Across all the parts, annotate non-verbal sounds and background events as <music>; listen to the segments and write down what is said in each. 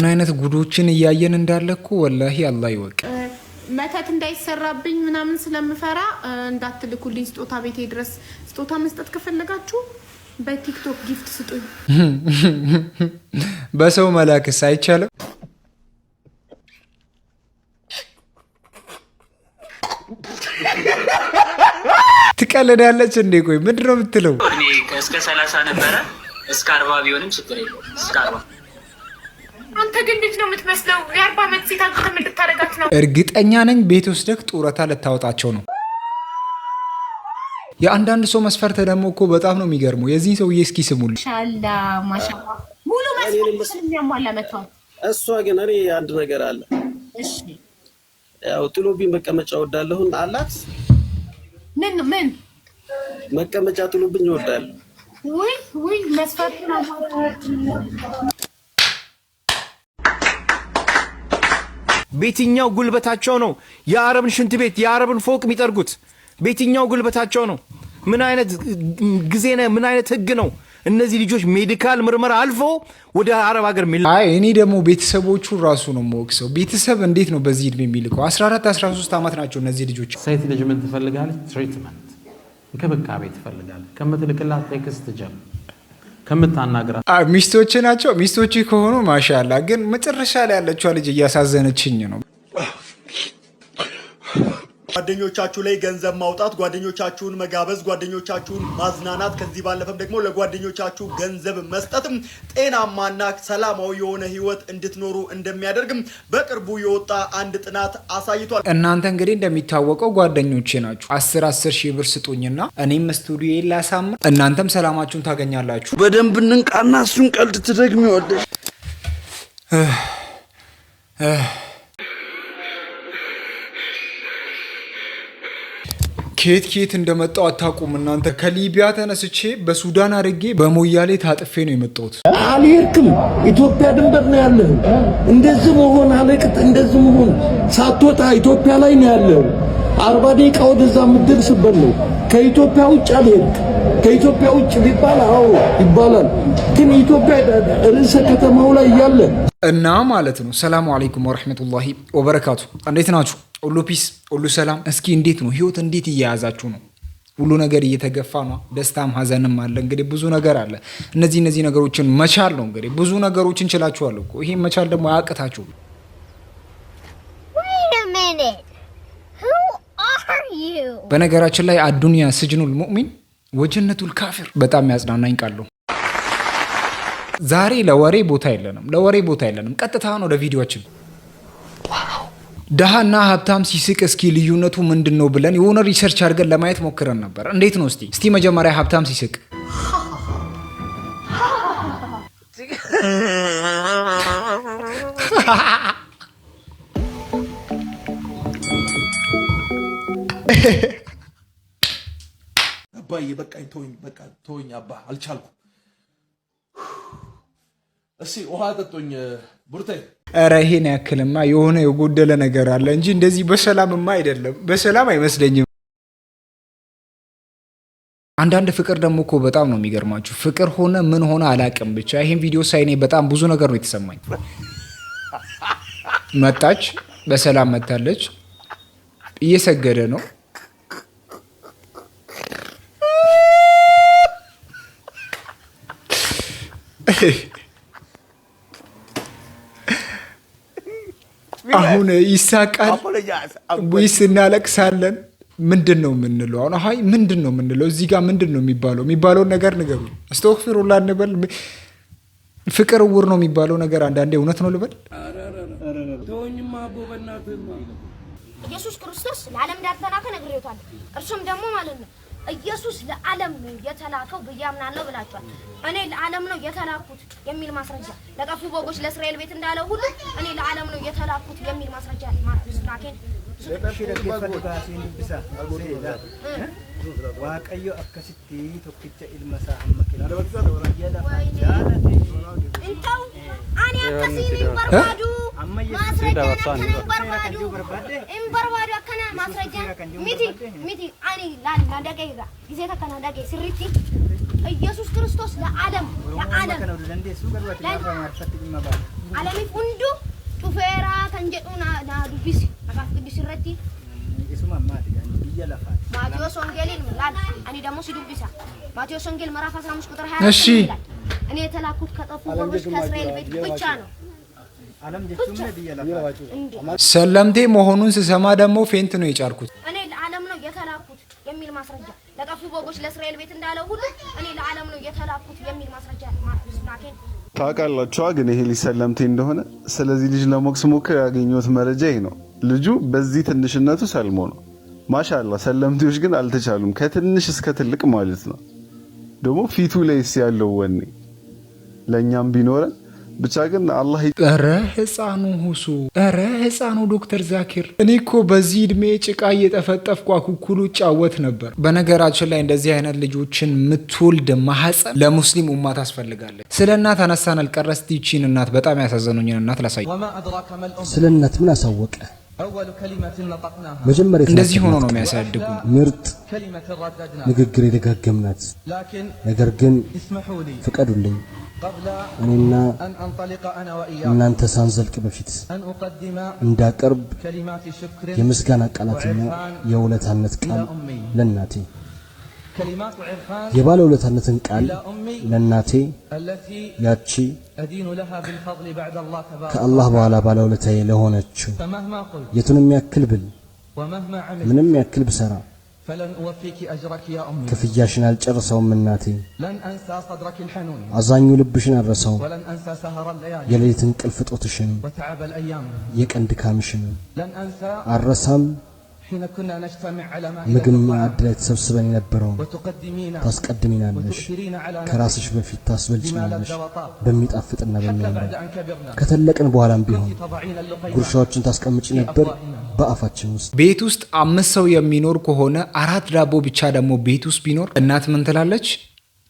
ምን አይነት ጉዶችን እያየን እንዳለኩ ወላሂ አላህ ይወቅ። መተት እንዳይሰራብኝ ምናምን ስለምፈራ እንዳትልኩልኝ ስጦታ ቤቴ ድረስ። ስጦታ መስጠት ከፈለጋችሁ በቲክቶክ ጊፍት ስጡኝ። <laughs> በሰው መላክስ አይቻልም? <laughs> ትቀልዳለች እንዴ? ቆይ ምንድን ነው የምትለው? እስከ ሰላሳ ነበረ እስከ አርባ ቢሆንም ችግር የለውም እስከ አርባ አንተ ግን ልጅ ነው የምትመስለው። የአርባ ዓመት ሴት አንተም እንድታደርጋት ነው። እርግጠኛ ነኝ ቤት ወስደህ ጡረታ ልታወጣቸው ነው። የአንዳንድ ሰው መስፈርተ ደግሞ እኮ በጣም ነው የሚገርመው። የዚህ ሰውዬ እስኪ ስሙል ሻላ ማሻላ ሙሉ መስፈርት እሷ ግን እኔ አንድ ነገር አለ ያው ጥሎብኝ መቀመጫ ወዳለሁን አላት። ምን ምን መቀመጫ ጥሎብኝ ወዳለሁ። ውይ ውይ መስፈርቱን በየትኛው ጉልበታቸው ነው የአረብን ሽንት ቤት የአረብን ፎቅ የሚጠርጉት? በየትኛው ጉልበታቸው ነው? ምን አይነት ጊዜ ነ ምን አይነት ህግ ነው? እነዚህ ልጆች ሜዲካል ምርመራ አልፎ ወደ አረብ ሀገር ሚል አይ እኔ ደግሞ ቤተሰቦቹ ራሱ ነው የምወቅሰው። ቤተሰብ እንዴት ነው በዚህ እድሜ የሚልከው? 14 13 ዓመት ናቸው እነዚህ ልጆች። ሴት ልጅ ምን ትፈልጋለች? ትሪትመንት፣ እንክብካቤ ትፈልጋለች። ከምትልክላት ቴክስት ጀምር ከምታናግራት ሚስቶች ናቸው። ሚስቶች ከሆኑ ማሻላ። ግን መጨረሻ ላይ ያለችዋ ልጅ እያሳዘነችኝ ነው። ጓደኞቻችሁ ላይ ገንዘብ ማውጣት፣ ጓደኞቻችሁን መጋበዝ፣ ጓደኞቻችሁን ማዝናናት፣ ከዚህ ባለፈም ደግሞ ለጓደኞቻችሁ ገንዘብ መስጠትም ጤናማና ሰላማዊ የሆነ ህይወት እንድትኖሩ እንደሚያደርግም በቅርቡ የወጣ አንድ ጥናት አሳይቷል። እናንተ እንግዲህ እንደሚታወቀው ጓደኞቼ ናችሁ። አስር አስር ሺህ ብር ስጡኝና እኔም ስቱዲዮ ላሳምር፣ እናንተም ሰላማችሁን ታገኛላችሁ። በደንብ እንንቃና እሱን ቀልድ ትደግሚዋለሽ። ከየት ከየት እንደመጣው አታውቁም እናንተ። ከሊቢያ ተነስቼ በሱዳን አድርጌ በሞያሌ ታጥፌ ነው የመጣሁት። አልሄድክም። ኢትዮጵያ ድንበር ነው ያለው። እንደዚህ መሆን አለቅጥ፣ እንደዚህ መሆን ሳትወጣ ኢትዮጵያ ላይ ነው ያለው አርባ ደቂቃ ወደዛ የምትደርስበት ነው። ከኢትዮጵያ ውጭ አልሄድክ። ከኢትዮጵያ ውጭ ቢባል አዎ ይባላል፣ ግን ኢትዮጵያ ርዕሰ ከተማው ላይ እያለ እና ማለት ነው። ሰላሙ አለይኩም ወረሕመቱላሂ ወበረካቱ። እንዴት ናችሁ? ሁሉ ፒስ፣ ሁሉ ሰላም። እስኪ እንዴት ነው ህይወት? እንዴት እየያዛችሁ ነው? ሁሉ ነገር እየተገፋ ነው። ደስታም ሀዘንም አለ። እንግዲህ ብዙ ነገር አለ። እነዚህ እነዚህ ነገሮችን መቻል ነው እንግዲህ። ብዙ ነገሮች እንችላችኋል እኮ ይሄ መቻል ደግሞ አያቅታችሁ። በነገራችን ላይ አዱንያ ስጅኑል ሙእሚን ወጀነቱል ካፊር በጣም ያጽናናኝ ቃሉ ዛሬ ለወሬ ቦታ የለንም፣ ለወሬ ቦታ የለንም። ቀጥታ ነው ለቪዲዮችን ድሃና ሀብታም ሲስቅ እስኪ ልዩነቱ ምንድን ነው ብለን የሆነ ሪሰርች አድርገን ለማየት ሞክረን ነበር። እንዴት ነው? እስቲ እስቲ መጀመሪያ ሀብታም ሲስቅ አባዬ በቃ ተወኝ፣ በቃ ተወኝ አባ፣ አልቻልኩም። እስኪ ውሃ ጠጦኝ ቡርቴ ኧረ ይሄን ያክልማ የሆነ የጎደለ ነገር አለ እንጂ እንደዚህ በሰላምማ አይደለም፣ በሰላም አይመስለኝም። አንዳንድ ፍቅር ደግሞ እኮ በጣም ነው የሚገርማችሁ። ፍቅር ሆነ ምን ሆነ አላቅም፣ ብቻ ይሄን ቪዲዮ ሳይኔ በጣም ብዙ ነገር ነው የተሰማኝ። መጣች፣ በሰላም መታለች፣ እየሰገደ ነው አሁን ይሳቃል፣ ወይስ እናለቅሳለን? ምንድን ነው የምንለው? አሁን ሀይ ምንድን ነው የምንለው? እዚህ ጋር ምንድን ነው የሚባለው? የሚባለውን ነገር ንገሩ። አስተግፊሩላህ እንበል? ፍቅር እውር ነው የሚባለው ነገር አንዳንዴ እውነት ነው ልበል? ኢየሱስ ክርስቶስ ለዓለም ዳር ተላከ ነግሬታለሁ። እርሱም ደግሞ ማለት ነው ኢየሱስ ለዓለም የተላከው ብዬ አምናለሁ ብላችኋል። እኔ ለዓለም ነው የተላኩት የሚል ማስረጃ ለጠፉ በጎች ለእስራኤል ቤት እንዳለው ሁሉ እኔ ለዓለም ነው የተላኩት የሚል ማስረጃ ማስናኬን ዋቀዮ አከስቲ ቶክቸ ኢልመሳ አመኪናእንተው አኔ ማስረጃ ሚቲ ሚቲ ኢየሱስ ክርስቶስ ለዓለም ለዓለም ዓለሚ ሁንዱ ጩፌራ ከን jedhu na na dubbisi ማቴዎስ ወንጌልን ላል አኒ ደግሞ ሲዱብሳ ማቴዎስ ወንጌል ምዕራፍ 15 ቁጥር 20 እኔ የተላኩት ከጠፉ ወገኖች ከእስራኤል ቤት ብቻ ነው ሰለምቴ መሆኑን ስሰማ ደግሞ ፌንት ነው የጫርኩት። እኔ ለዓለም ነው የተላኩት የሚል ማስረጃ ለጠፉ በጎች ለእስራኤል ቤት እንዳለው ሁሉ እኔ ለዓለም ነው የተላኩት የሚል ማስረጃ ታውቃላችኋ። ግን ይሄ ልጅ ሰለምቴ እንደሆነ ስለዚህ ልጅ ለሞቅ ሞክር ያገኘሁት መረጃ ይሄ ነው። ልጁ በዚህ ትንሽነቱ ሰልሞ ነው። ማሻላ ሰለምቴዎች ግን አልተቻሉም፣ ከትንሽ እስከ ትልቅ ማለት ነው። ደግሞ ፊቱ ላይስ ያለው ወኔ ለእኛም ቢኖረን ብቻ ግን አላህ ረ ህፃኑ ሁሱ ረ ህፃኑ ዶክተር ዛኪር እኔ እኮ በዚህ እድሜ ጭቃ እየጠፈጠፍኩ አኩኩሉ ጫወት ነበር። በነገራችን ላይ እንደዚህ አይነት ልጆችን ምትወልድ ማህፀን ለሙስሊም ኡማ ታስፈልጋለች። ስለ እናት አነሳን አልቀረስ ይቺን እናት በጣም ያሳዘኑኝን እናት ላሳይ። ስለ እናት ምን አሳወቀ? መጀመሪያ እንደዚህ ሆኖ ነው የሚያሳድጉ። ምርጥ ንግግር የደጋገምናት ነገር ግን ፍቀዱልኝ እኔና እናንተ ሳንዘልቅ በፊት እንዳቀርብ የምስጋና ቃላትና የውለታነት ቃል ለእናቴ የባለ ውለታነትን ቃል ለእናቴ ያቺ ከአላህ በኋላ ባለ ውለታዬ ለሆነችው የቱንም ያክል ብል ምንም ያክል ብሰራ ክፍያሽን አልጨርሰውም እናቴ፣ አዛኙ ልብሽን አልረሳውም። የሌሊትን ቅልፍ ጦትሽን፣ የቀን ድካምሽን አልረሳም። ምግብ ማዕድ ላይ ተሰብስበን የነበረውን ታስቀድሚናለሽ፣ ከራስሽ በፊት ታስበልጭናለሽ በሚጣፍጥና በሚያምር ከተለቅን በኋላም ቢሆን ጉርሻዎችን ታስቀምጭ ነበር በአፋችን ውስጥ። ቤት ውስጥ አምስት ሰው የሚኖር ከሆነ አራት ዳቦ ብቻ ደግሞ ቤት ውስጥ ቢኖር እናት ምን ትላለች?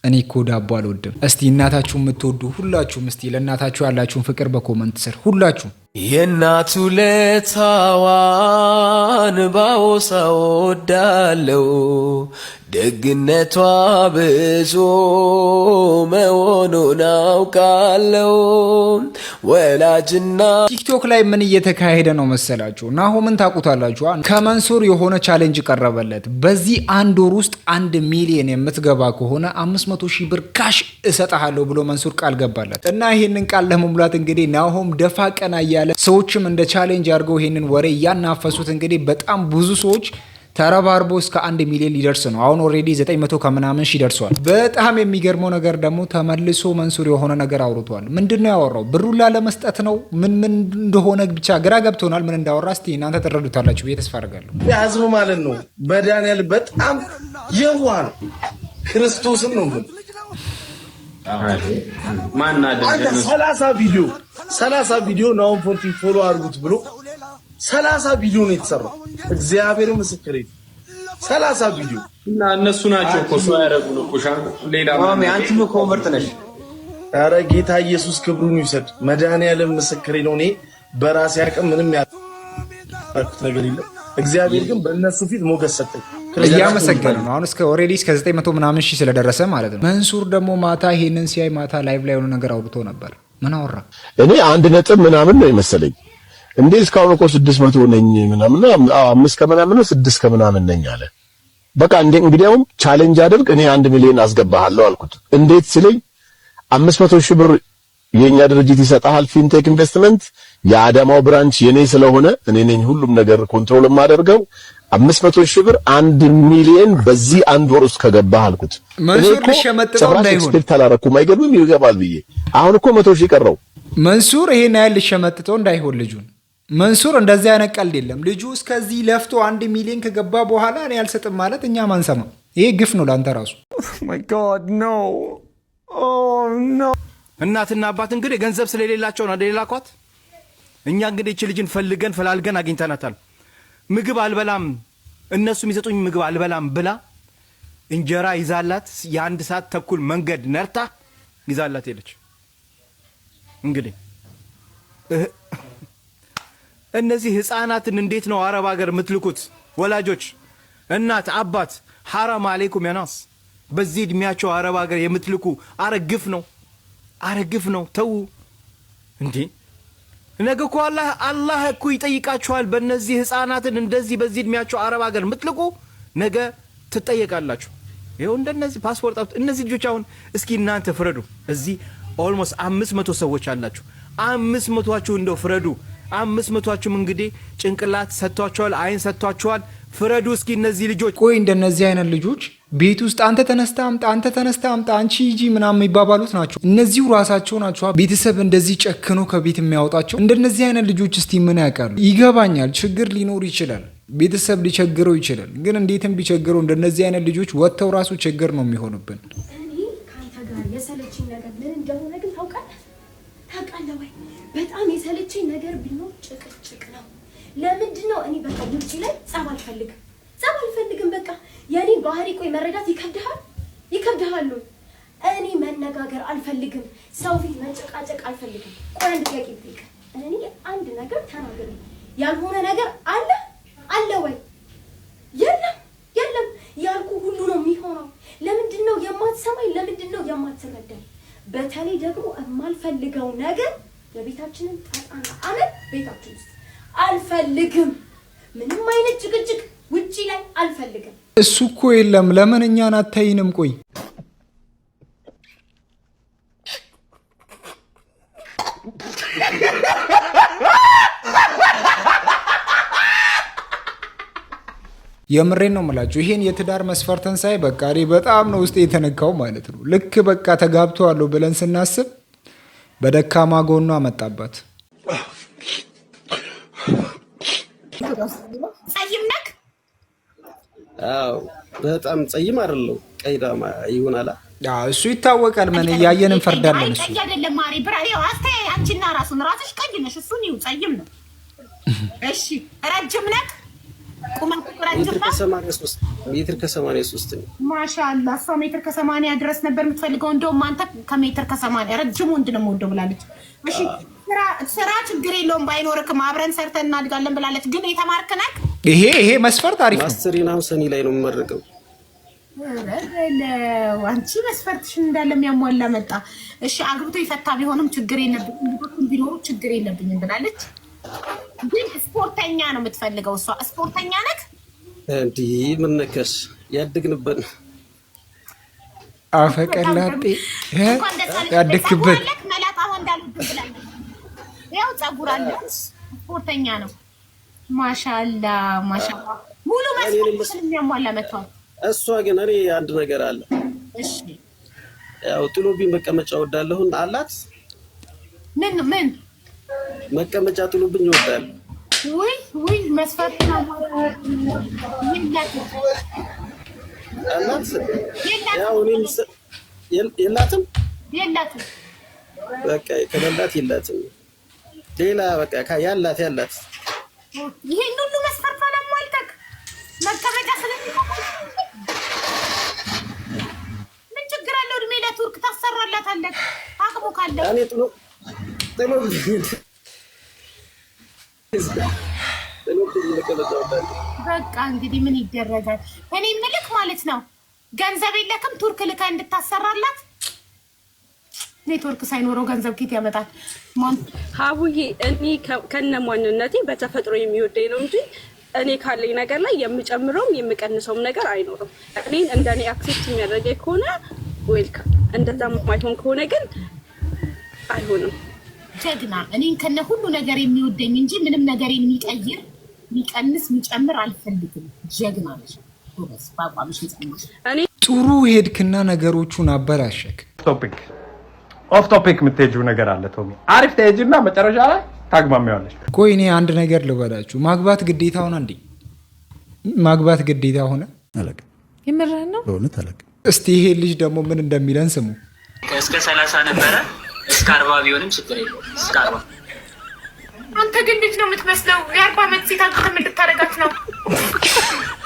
እኔ እኮ ዳቦ አልወድም። እስቲ እናታችሁ የምትወዱ ሁላችሁም እስቲ ለእናታችሁ ያላችሁን ፍቅር በኮመንት ስር ሁላችሁ የእናቱ ለታዋን ባወሳ ወዳለው ደግነቷ ብዙ መሆኑን አውቃለው። ወላጅና ቲክቶክ ላይ ምን እየተካሄደ ነው መሰላችሁ? ናሆምን ታውቁታላችሁ። ከመንሱር የሆነ ቻሌንጅ ቀረበለት። በዚህ አንድ ወር ውስጥ አንድ ሚሊዮን የምትገባ ከሆነ አምስት 00 ሺህ ብር ካሽ እሰጥሃለሁ ብሎ መንሱር ቃል ገባለት እና ይህንን ቃል ለመሙላት እንግዲህ ናሆም ደፋ ቀና እያለ ሰዎችም እንደ ቻሌንጅ አድርገው ይሄንን ወሬ እያናፈሱት እንግዲህ በጣም ብዙ ሰዎች ተረባርቦ እስከ አንድ ሚሊዮን ሊደርስ ነው። አሁን ኦልሬዲ 900 ከምናምን ሺ ደርሷል። በጣም የሚገርመው ነገር ደግሞ ተመልሶ መንሱር የሆነ ነገር አውርቷል። ምንድን ነው ያወራው? ብሩን ላለመስጠት ነው። ምን ምን እንደሆነ ብቻ ግራ ገብቶናል። ምን እንዳወራ እስቲ እናንተ ትረዱታላችሁ ብዬ ተስፋ አድርጋለሁ። ህዝቡ ማለት ነው በዳንኤል በጣም የዋ ነው ክርስቶስን ነው ሰላሳ ቪዲዮ ሰላሳ ቪዲዮ ፎሎ አድርጉት ብሎ ሰላሳ ቪዲዮ ነው የተሰራው። እግዚአብሔር ምስክር ሰላሳ ቪዲዮ እና እነሱ ናቸው እኮ ሰው ያደረጉ ነው። ሌላ አንቺ ኮንቨርት ነሽ። ኧረ ጌታ ኢየሱስ ክብሩን ይውሰድ። መድኃኒዓለም ምስክሬ ነው። እኔ በራሴ አቅም ምንም ነገር የለም። እግዚአብሔር ግን በእነሱ ፊት ሞገስ ሰጠኝ። እያመሰገነ ነው። አሁን እስከ ኦልሬዲ እስከ ዘጠኝ መቶ ምናምን ሺህ ስለደረሰ ማለት ነው። መንሱር ደግሞ ማታ ይሄንን ሲያይ ማታ ላይቭ ላይ የሆነ ነገር አውርቶ ነበር። ምን አወራ? እኔ አንድ ነጥብ ምናምን ነው የመሰለኝ እንዴ እስካሁን እኮ ስድስት መቶ ነኝ ምናምን አምስት ከምናምን ነው ስድስት ከምናምን ነኝ አለ። በቃ እንዴ እንግዲያውም ቻሌንጅ አድርግ እኔ አንድ ሚሊዮን አስገባሃለሁ አልኩት። እንዴት ስለኝ አምስት መቶ ሺህ ብር የኛ ድርጅት ይሰጣሃል ፊንቴክ ኢንቨስትመንት የአዳማው ብራንች የኔ ስለሆነ እኔ ነኝ ሁሉም ነገር ኮንትሮል የማደርገው አምስት መቶ ሺህ ብር አንድ ሚሊዮን በዚህ አንድ ወር ውስጥ ከገባህ አልኩት። መንሱር ልሸመጥጠው አላረኩም። አይገባም ይገባል ብዬ አሁን እኮ መቶ ሺህ ቀረው። መንሱር ይሄን ያህል ልሸመጥጠው እንዳይሆን ልጁን መንሱር እንደዚህ አይነት ቀልድ የለም። ልጁ እስከዚህ ለፍቶ አንድ ሚሊዮን ከገባ በኋላ እኔ አልሰጥም ማለት እኛ ማንሰማ ይሄ ግፍ ነው ለአንተ ራሱ oh oh እናትና አባት እንግዲህ ገንዘብ ስለሌላቸው ነው ሌላ ኳት። እኛ እንግዲህ እቺ ልጅን ፈልገን ፈላልገን አግኝተናታል። ምግብ አልበላም እነሱ የሚሰጡኝ ምግብ አልበላም ብላ እንጀራ ይዛላት የአንድ ሰዓት ተኩል መንገድ ነርታ ይዛላት ሄደች። እንግዲህ እነዚህ ህፃናትን እንዴት ነው አረብ ሀገር የምትልኩት? ወላጆች፣ እናት፣ አባት ሐራም አሌይኩም ያናስ በዚህ እድሜያቸው አረብ ሀገር የምትልኩ አረግፍ ነው፣ አረግፍ ነው። ተዉ እንዴ! ነገ እኮ አላህ አላህ እኮ ይጠይቃችኋል። በእነዚህ ህፃናትን እንደዚህ በዚህ እድሜያቸው አረብ ሀገር ምትልቁ ነገ ትጠየቃላችሁ። ይኸው እንደነዚህ ፓስፖርት አውጥ እነዚህ ልጆች አሁን እስኪ እናንተ ፍረዱ። እዚህ ኦልሞስት አምስት መቶ ሰዎች አላችሁ። አምስት መቶችሁ እንደው ፍረዱ። አምስት መቶችሁም እንግዲህ ጭንቅላት ሰጥቷቸዋል፣ አይን ሰጥቷቸዋል። ፍረዱ እስኪ እነዚህ ልጆች ቆይ እንደነዚህ አይነት ልጆች ቤት ውስጥ አንተ ተነስተ አምጣ፣ አንተ ተነስተ አምጣ፣ አንቺ ሂጂ ምናምን የሚባባሉት ናቸው። እነዚሁ ራሳቸው ናቸው ቤተሰብ እንደዚህ ጨክኖ ከቤት የሚያወጣቸው። እንደነዚህ አይነት ልጆች እስቲ ምን ያውቃሉ? ይገባኛል፣ ችግር ሊኖር ይችላል፣ ቤተሰብ ሊቸግረው ይችላል። ግን እንዴትም ቢቸግረው እንደነዚህ አይነት ልጆች ወጥተው ራሱ ችግር ነው የሚሆንብን። በጣም የሰለችኝ ነገር ቢኖር ጭቅጭቅ ነው። ለምንድን ነው እኔ በቃ ውጭ ላይ ጸብ አልፈልግም ጸብ አልፈልግም። በቃ የኔ ባህሪ ቆይ መረዳት ይከብድሃል ይከብድሃሉ። እኔ መነጋገር አልፈልግም። ሰው ፊት መጨቃጨቅ አልፈልግም። ቆይ አንድ ጥያቄ ልጠይቅህ። እኔ አንድ ነገር ተናገር ያልሆነ ነገር አለ አለ ወይ? የለም የለም ያልኩ ሁሉ ነው የሚሆነው። ለምንድን ነው የማትሰማኝ? ለምንድን ነው የማትረዳኝ? በተለይ ደግሞ የማልፈልገው ነገር የቤታችንን ጣጣና አመት ቤታችን ውስጥ አልፈልግም። ምንም አይነት ጭቅጭቅ ውጪ ላይ አልፈልግም። እሱ እኮ የለም። ለምን እኛን አታይንም? ቆይ የምሬን ነው የምላችሁ። ይሄን የትዳር መስፈርትን ሳይ በቃ እኔ በጣም ነው ውስጥ የተነካው ማለት ነው። ልክ በቃ ተጋብተዋለሁ ብለን ስናስብ በደካማ ጎኗ መጣባት። አዎ በጣም ጸይም አይደለው ቀይዳማ ይሆናላ። እሱ ይታወቃል። ምን እያየን እንፈርዳለን። እሱ አይደለም ማሪ ብራሪው አስተያየት አንቺና ራሱን ራስሽ ቀይ ነሽ። እሱን ይው ጸይም ነው። <laughs> እሺ ረጅም ነህ ሜትር ከሰማንያ ሶስት ነው። ማሻላ እሷ ሜትር ከሰማንያ ድረስ ነበር የምትፈልገው። እንደውም አንተ ከሜትር ከሰማንያ ረጅም ወንድ ነው የምወደው ብላለች። እሺ ስራ ችግር የለውም ባይኖርክም አብረን ሰርተን እናድጋለን ብላለች። ግን የተማርክ ነህ? ይሄ ይሄ መስፈርት አሪፍ ነው። ማስተሬናው ሰኔ ላይ ነው የምመረቀው። አንቺ መስፈርትሽን እንዳለ የሚያሟላ መጣ። እሺ አግብቶ የፈታ ቢሆንም ችግር የለብኝም ቢኖሩ ችግር የለብኝም ብላለች። ግን ስፖርተኛ ነው የምትፈልገው እሷ። ስፖርተኛ ነክ እንዲህ ምነከስ ያድግንበት አፈቀላጤ ያድግበት መላጣ ያው አለ ስፖርተኛ ነው። ማሻላ ማሻላ ሙሉ የሚያሟላ እሷ ግን እኔ አንድ ነገር አለ። ያው ጥሎብኝ መቀመጫ ወዳለሁን አላት ምን ምን መቀመጫ ጥሉብኝ ይወጣል። ውይ ውይ መስፈርት ነው የላትም የላትም በቃ ከሌላት የላትም። ሌላ በቃ ያላት ያላት ይሄን ሁሉ መስፈርት አላሟልተክ መቀመጫ ስለሚቆም ምን ችግር አለው? እድሜ ለቱርክ አለ አቅሙ ካለ በቃ እንግዲህ ምን ይደረጋል። እኔ ምልክ ማለት ነው ገንዘብ የለክም ቱርክ ልካ እንድታሰራላት ኔትወርክ ሳይኖረው ገንዘብ ኬት ያመጣል? ሀቡዬ እኔ ከነ ማንነቴ በተፈጥሮ የሚወደኝ ነው እንጂ እኔ ካለኝ ነገር ላይ የምጨምረውም የምቀንሰውም ነገር አይኖርም። እኔን እንደ እኔ አክሴፕት የሚያደርገኝ ከሆነ ዌልካም፣ እንደዛ ማይሆን ከሆነ ግን አይሆንም። ጀግና እኔን ከነ ሁሉ ነገር የሚወደኝ እንጂ ምንም ነገር የሚቀይር የሚቀንስ የሚጨምር አልፈልግም። ጀግና ነሽ፣ በአቋምሽ ጸናሽ። ጥሩ ሄድክና ነገሮቹን አበላሸክ። ቶፒክ ኦፍ ቶፒክ የምትሄጂው ነገር አለ ቶሚ። አሪፍ ተሄጂና መጨረሻ ላይ ታግማሚዋለሽ። ቆይ እኔ አንድ ነገር ልበላችሁ። ማግባት ግዴታ ሆነ እንዴ? ማግባት ግዴታ ሆነ? አለቀ። የምርህን ነው በእውነት አለቀ። እስቲ ይሄ ልጅ ደግሞ ምን እንደሚለን ስሙ። እስከ ሰላሳ ነበረ እስከ አርባ ቢሆንም ችግር የለውም። እስከ አርባ አንተ ግን ልጅ ነው የምትመስለው። የአርባ ዓመት ሴት አንተ የምታደርጋት ነው።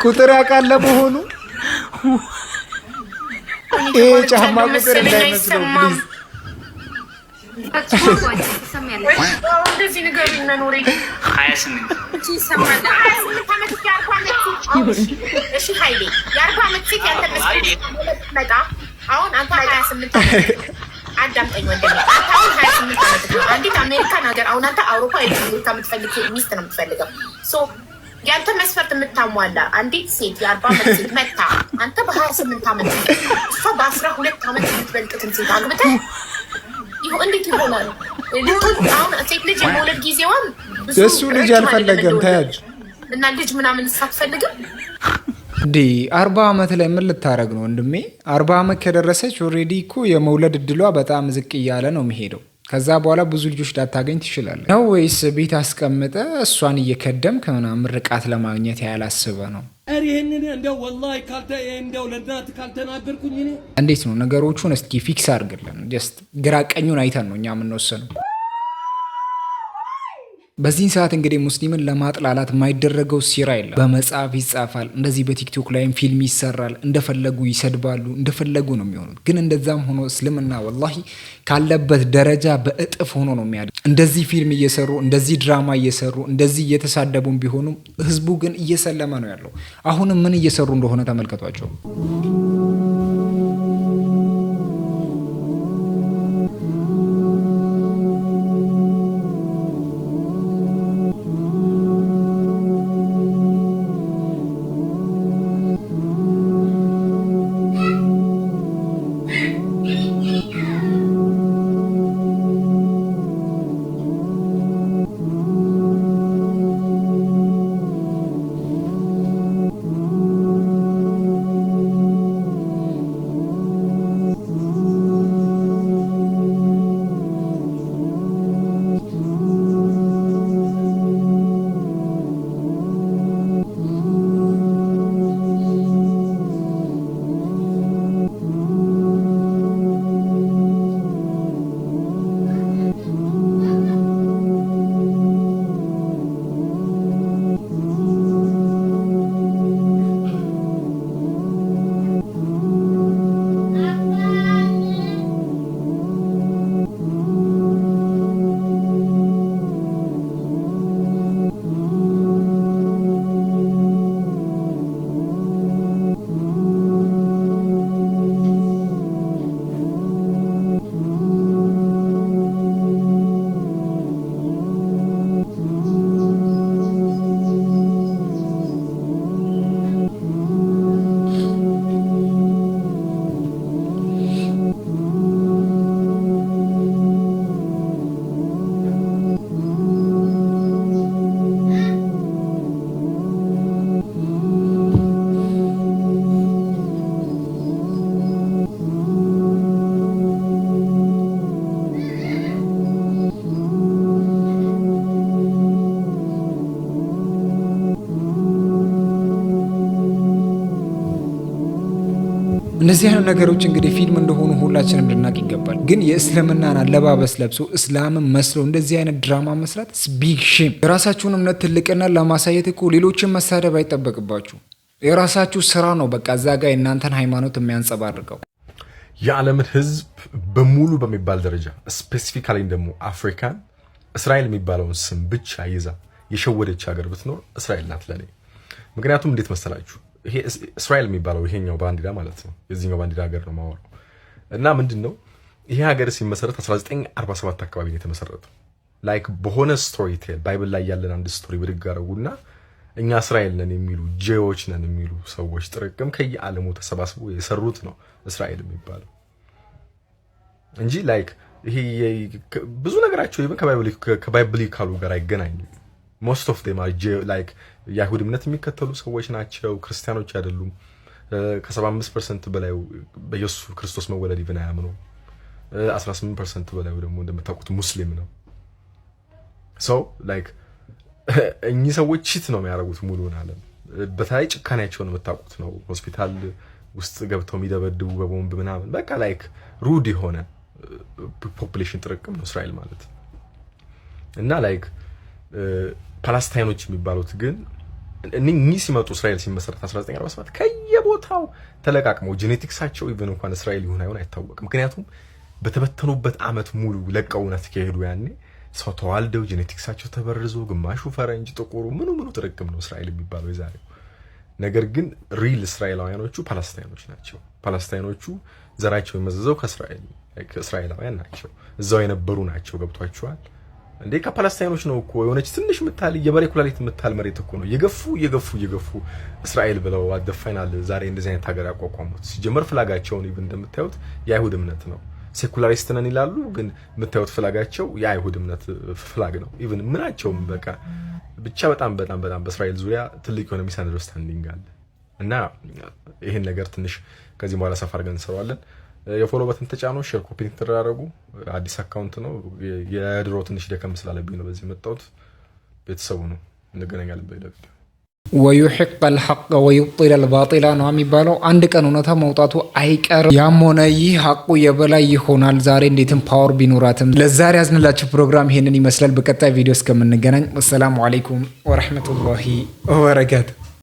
ቁጥር ያውቃል ለመሆኑ ይሄ ጫማ ቁጥር እንዳይመስለው ፕሊዝ። አሁን አንተ አዳምጠኝ ወንድሜ። ሀያ ስምንት ዓመት ነው። አንዲት አሜሪካን ሀገር አሁን አንተ አውሮፓ የታ የምትፈልግ ሚስት ነው የምትፈልገው። ያንተ መስፈርት የምታሟላ አንዲት ሴት የአርባ ዓመት ሴት መታ አንተ በሀያ ስምንት ዓመት እሷ በአስራ ሁለት ዓመት የምትበልጥትን ሴት አግብተህ እንዴት ይሆናል? አሁን ሴት ልጅ የመውለድ ጊዜዋን እሱ ልጅ አልፈለገም። ተያጅ እና ልጅ ምናምን ሳትፈልግም እንዴ አርባ ዓመት ላይ ምን ልታደረግ ነው ወንድሜ? አርባ ዓመት ከደረሰች ኦልሬዲ እኮ የመውለድ እድሏ በጣም ዝቅ እያለ ነው የሚሄደው። ከዛ በኋላ ብዙ ልጆች ላታገኝ ትችላለ ነው ወይስ ቤት አስቀምጠ እሷን እየከደም ከምና ርቃት ለማግኘት ያላስበ ነው? ይህንን እንደው ወላሂ እንደው ለእናት ካልተናገርኩኝ እንዴት ነው ነገሮቹን? እስኪ ፊክስ አድርግልን። ጀስት ግራ ቀኙን አይተን ነው እኛ የምንወስነው። በዚህን ሰዓት እንግዲህ ሙስሊምን ለማጥላላት የማይደረገው ሲራ የለም። በመጽሐፍ ይጻፋል፣ እንደዚህ በቲክቶክ ላይም ፊልም ይሰራል፣ እንደፈለጉ ይሰድባሉ፣ እንደፈለጉ ነው የሚሆኑት። ግን እንደዛም ሆኖ እስልምና ወላሂ ካለበት ደረጃ በእጥፍ ሆኖ ነው የሚያደ እንደዚህ ፊልም እየሰሩ እንደዚህ ድራማ እየሰሩ እንደዚህ እየተሳደቡም ቢሆኑም ህዝቡ ግን እየሰለመ ነው ያለው። አሁንም ምን እየሰሩ እንደሆነ ተመልከቷቸው። እነዚህ አይነት ነገሮች እንግዲህ ፊልም እንደሆኑ ሁላችንም ልናቅ ይገባል። ግን የእስልምናን አለባበስ ለብሶ እስላምን መስሎ እንደዚህ አይነት ድራማ መስራት ቢግ ሼም። የራሳችሁን እምነት ትልቅና ለማሳየት እኮ ሌሎችን መሳደብ አይጠበቅባችሁ። የራሳችሁ ስራ ነው። በቃ እዛ ጋር የእናንተን ሃይማኖት የሚያንጸባርቀው የዓለምን ህዝብ በሙሉ በሚባል ደረጃ ስፔሲፊካሊ ደግሞ አፍሪካን እስራኤል የሚባለውን ስም ብቻ ይዛ የሸወደች ሀገር ብትኖር እስራኤል ናት ለኔ። ምክንያቱም እንዴት መሰላችሁ ይሄ እስራኤል የሚባለው ይሄኛው ባንዲራ ማለት ነው። የዚህኛው ባንዲራ ሀገር ነው የማወራው እና ምንድን ነው ይሄ ሀገር ሲመሰረት 1947 አካባቢ ነው የተመሰረተው። ላይክ በሆነ ስቶሪ ቴል ባይብል ላይ ያለን አንድ ስቶሪ ብድግ አደረጉና እኛ እስራኤል ነን የሚሉ ጄዎች ነን የሚሉ ሰዎች ጥርቅም ከየዓለሙ ተሰባስበው የሰሩት ነው እስራኤል የሚባለው እንጂ ላይክ ይሄ ብዙ ነገራቸው ከባይብሊካሉ ጋር አይገናኝም። ሞስት ኦፍ ዴም ላይክ የአይሁድ እምነት የሚከተሉ ሰዎች ናቸው፣ ክርስቲያኖች አይደሉም። ከ75 ፐርሰንት በላይ በኢየሱስ ክርስቶስ መወለድ ይብን አያምኑ። 18 ፐርሰንት በላይ ደግሞ እንደምታውቁት ሙስሊም ነው። ሰው ላይክ <laughs> እኚህ ሰዎች ቺት ነው የሚያደርጉት ሙሉውን ዓለም። በተለይ ጭካኔያቸውን የምታውቁት ነው። ሆስፒታል ውስጥ ገብተው የሚደበድቡ በቦምብ ምናምን፣ በቃ ላይክ ሩድ የሆነ ፖፕሌሽን ጥርቅም ነው እስራኤል ማለት እና ላይክ ፓላስታይኖች የሚባሉት ግን እኒህ ሲመጡ እስራኤል ሲመሰረት 1947 ከየቦታው ተለቃቅመው ጄኔቲክሳቸው ኢቨን እንኳን እስራኤል ይሁን አይሆን አይታወቅም። ምክንያቱም በተበተኑበት አመት ሙሉ ለቀው እውነት ከሄዱ ያኔ ሰው ተዋልደው ጄኔቲክሳቸው ተበርዞ ግማሹ ፈረንጅ፣ ጥቁሩ ምኑ ምኑ ጥርቅም ነው እስራኤል የሚባለው የዛሬው። ነገር ግን ሪል እስራኤላውያኖቹ ፓላስታይኖች ናቸው። ፓላስታይኖቹ ዘራቸው የመዘዘው ከእስራኤላውያን ናቸው። እዛው የነበሩ ናቸው። ገብቷቸዋል። እንዴ ከፓለስታይኖች ነው እኮ የሆነች ትንሽ ምታል የበሬ ኩላሊት ምታል መሬት እኮ ነው የገፉ የገፉ የገፉ እስራኤል ብለው አደፋይናል ዛሬ እንደዚህ አይነት ሀገር ያቋቋሙት። ሲጀመር ፍላጋቸውን ይብ እንደምታዩት የአይሁድ እምነት ነው። ሴኩላሪስት ነን ይላሉ፣ ግን የምታዩት ፍላጋቸው የአይሁድ እምነት ፍላግ ነው። ኢቭን ምናቸውም በቃ ብቻ በጣም በጣም በጣም በእስራኤል ዙሪያ ትልቅ የሆነ ሚስ አንደርስታንዲንግ አለ እና ይህን ነገር ትንሽ ከዚህ በኋላ ሰፋ አድርገን እንሰራዋለን። የፎሎ በትን ተጫኑ፣ ሼር ኮፒ ተደራረጉ። አዲስ አካውንት ነው። የድሮ ትንሽ ደከም ስላለብኝ ነው በዚህ መጣሁት። ቤተሰቡ ነው። እንገናኛለን በሌላ ቪዲዮ። ወዩሕቅ ልሐቅ ወዩጢል ልባጢላ ነው የሚባለው። አንድ ቀን እውነታ መውጣቱ አይቀርም። ያም ሆነ ይህ ሀቁ የበላይ ይሆናል። ዛሬ እንዴትም ፓወር ቢኖራትም። ለዛሬ ያዝንላችሁ ፕሮግራም ይሄንን ይመስላል። በቀጣይ ቪዲዮ እስከምንገናኝ ወሰላሙ አለይኩም ወረሕመቱላሂ ወበረካቱ።